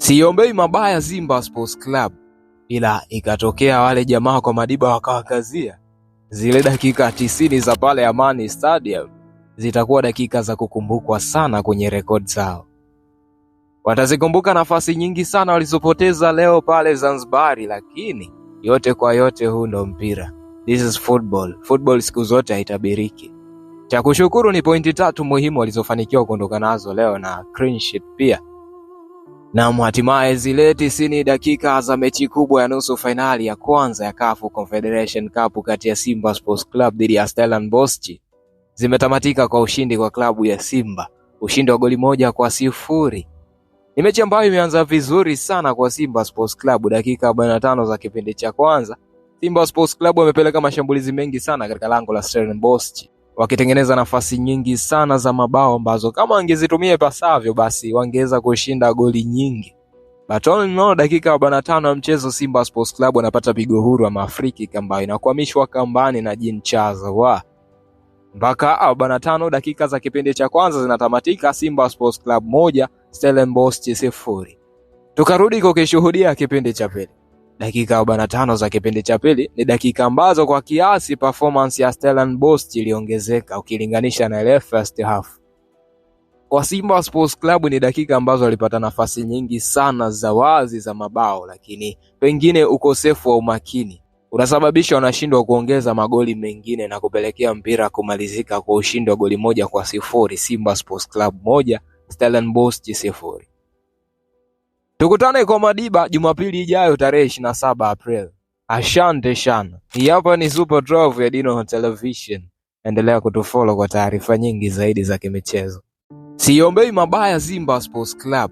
Siombei mabaya Simba Sports Club, ila ikatokea wale jamaa kwa Madiba wakawakazia zile dakika tisini za pale Amani Stadium zitakuwa dakika za kukumbukwa sana kwenye rekodi zao. Watazikumbuka nafasi nyingi sana walizopoteza leo pale Zanzibari, lakini yote kwa yote, huu ndo mpira. This is football. Football siku zote haitabiriki. Cha kushukuru ni pointi tatu muhimu walizofanikiwa kuondoka nazo leo na clean sheet pia Nam, hatimaye zile tisini dakika za mechi kubwa ya nusu fainali ya kwanza ya CAF Confederation Cup kati ya Simba Sports Club dhidi ya Stellenbosch zimetamatika kwa ushindi kwa klabu ya Simba, ushindi wa goli moja kwa sifuri. Ni mechi ambayo imeanza vizuri sana kwa Simba Sports Club. Dakika 45 za kipindi cha kwanza, Simba Sports Club wamepeleka mashambulizi mengi sana katika lango la Stellenbosch wakitengeneza nafasi nyingi sana za mabao ambazo kama wangezitumia ipasavyo, basi wangeweza kushinda goli nyingi. Batoni no, dakika 45 ya mchezo, Simba Sports Club wanapata pigo huru ama free kick ambayo inakwamishwa kambani na Jean Charles wa mpaka 45 dakika za kipindi cha kwanza zinatamatika, Simba Sports Club moja Stellenbosch sifuri. Tukarudi kukishuhudia kipindi cha pili. Dakika 45 tano za kipindi cha pili ni dakika ambazo kwa kiasi performance ya Stellenbosch iliongezeka ukilinganisha na ile first half. Kwa Simba Sports Club ni dakika ambazo walipata nafasi nyingi sana za wazi za mabao, lakini pengine ukosefu wa umakini unasababisha wanashindwa kuongeza magoli mengine na kupelekea mpira kumalizika kwa ushindi wa goli moja kwa sifuri, Simba Sports Club moja Stellenbosch sifuri. Tukutane kwa Madiba Jumapili ijayo tarehe ishirini na saba Aprili Asante sana. Hii hapa ni Super Drive ya Dino Television. Endelea kutufollow kwa taarifa nyingi zaidi za kimichezo. Siombei mabaya Simba Sports Club,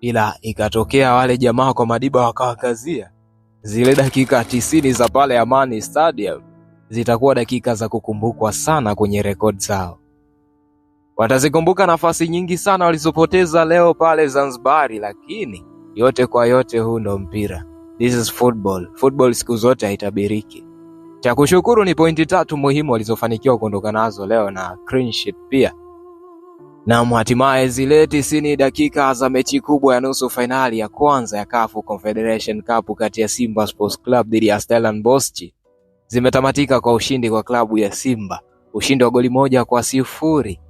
ila ikatokea wale jamaa kwa Madiba wakawakazia zile dakika tisini za pale Amani Stadium zitakuwa dakika za kukumbukwa sana kwenye rekodi zao. Watazikumbuka nafasi nyingi sana walizopoteza leo pale Zanzibari, lakini yote kwa yote, huu ndo mpira. This is football. Football siku zote haitabiriki. Cha kushukuru ni pointi tatu muhimu walizofanikiwa kuondoka nazo leo na clean sheet pia. Na hatimaye zile tisini dakika za mechi kubwa ya nusu fainali ya kwanza ya CAF Confederation Cup kati ya Simba Sports Club dhidi ya Stellenbosch zimetamatika kwa ushindi kwa klabu ya Simba, ushindi wa goli moja kwa sifuri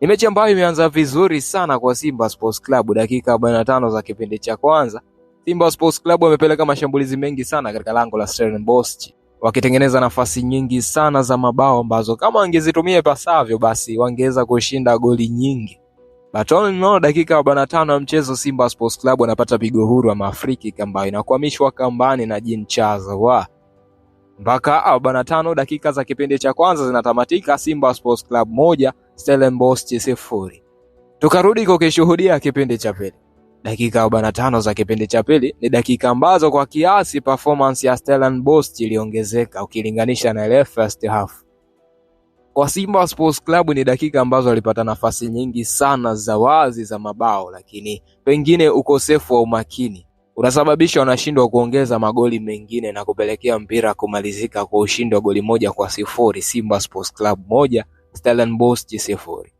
ni mechi ambayo imeanza vizuri sana kwa Simba Sports Club. Dakika 45 za kipindi cha kwanza, Simba Sports Club wamepeleka mashambulizi mengi sana katika lango la Stellenbosch, wakitengeneza nafasi nyingi sana za mabao ambazo kama wangezitumia ipasavyo, basi wangeweza kushinda goli nyingi. Baton, dakika 45 ya mchezo Simba Sports Club anapata pigo huru ama free kick ambayo inakwamishwa kambani na Jean Charles wa mpaka 45 dakika za kipindi cha kwanza zinatamatika Simba Sports Club moja Stellenbosch sifuri. Tukarudi kukishuhudia kipindi cha pili. Dakika 45 za kipindi cha pili ni dakika ambazo kwa kiasi performance ya Stellenbosch iliongezeka ukilinganisha na ile first half. Kwa Simba Sports Club ni dakika ambazo walipata nafasi nyingi sana za wazi za mabao, lakini pengine ukosefu wa umakini unasababisha wanashindwa kuongeza magoli mengine na kupelekea mpira kumalizika kwa ushindi wa goli moja kwa sifuri Simba Sports Club moja Stellenbosch sifuri.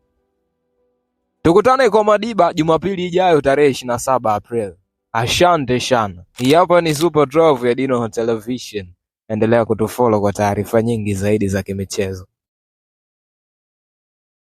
Tukutane kwa Madiba Jumapili ijayo tarehe 27 april Asante sana. Hii hapa ni Super Drive ya Dino Television. Endelea kutufollow kwa taarifa nyingi zaidi za kimichezo.